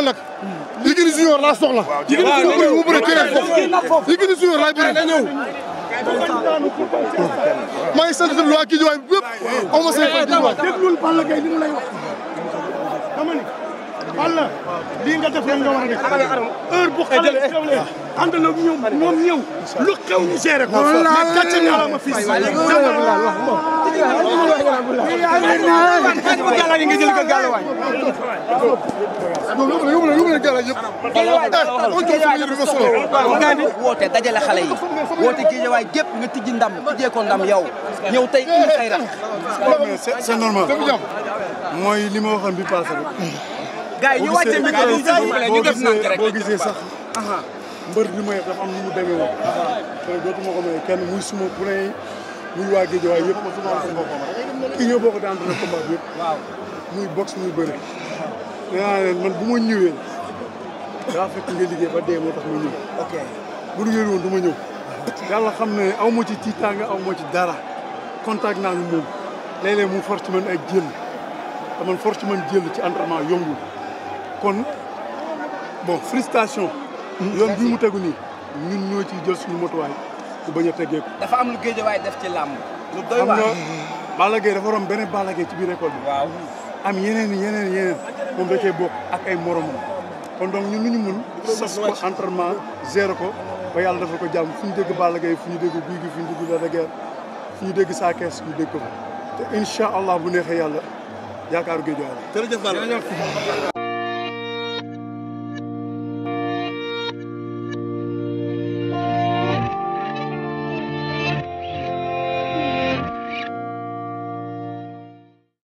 nag Yékini Junior laa soxla Yékini Junior mu bëri keneen foofu Yékini Junior laay bëri ñëw maa ngi sant waa kii jiwaay bi yëpp aw ma seen fay jiwaay déglul Balla Gaye li mu lay wax dama ni Balla lii nga def rek nga war a def heure bu xale xewle ànd na ñoom ñoom ñëw lu xew ñu géré ko mais gàcce nga ma fii woote dajale xale yi woote Guédiawaye gépp nga tijji ndam tijjee ko ndam yow ñëw tey indi say rak c'est normal mooy li ma waxoon bi passé gars yi ñu wàcce micro yi ñu def nank rek boo gisee sax mbër li may dafa am nu mu demee woon dootuma ko may kenn muy suma bu ne ñun waa Guédiawaye yëpp kii ñoo bokk daan na combat bi yëpp muy boxe muy bëre nee naa man bu ma ñëwee daa fekk nga liggéey ba dee moo tax ma ñëw bu liggéey woon du ma ñëw yàlla xam ne aw ma ci tiitaanga aw ma ci dara contact naa ngi moom léeg mu force man ay jël te man force man jël ci entraînement yombul kon bon frustration mm-hmm. yoon bi mu tegu nii ñun ñoo ciy jël suñu motuwaay ku bañ a teggeeku. dafa am lu géejewaay def ci làmb. lu doy waar xam nga Balla Gaye dafa romb beneen Balla Gaye ci biir école bi. waaw am yeneen yeneen moom da cee bokk ak ay moromam. kon donc ñun lu ñu mun. sas ko entraînement gérer ko ba yàlla dafa ko jàmm fu ñu dégg Balla fu ñu dégg Gouye Gui fu ñu dégg Lac de Guiers fu ñu dégg Sa Thiès ñu dégg ko te allah bu neexee yàlla yaakaaru géejewaay la.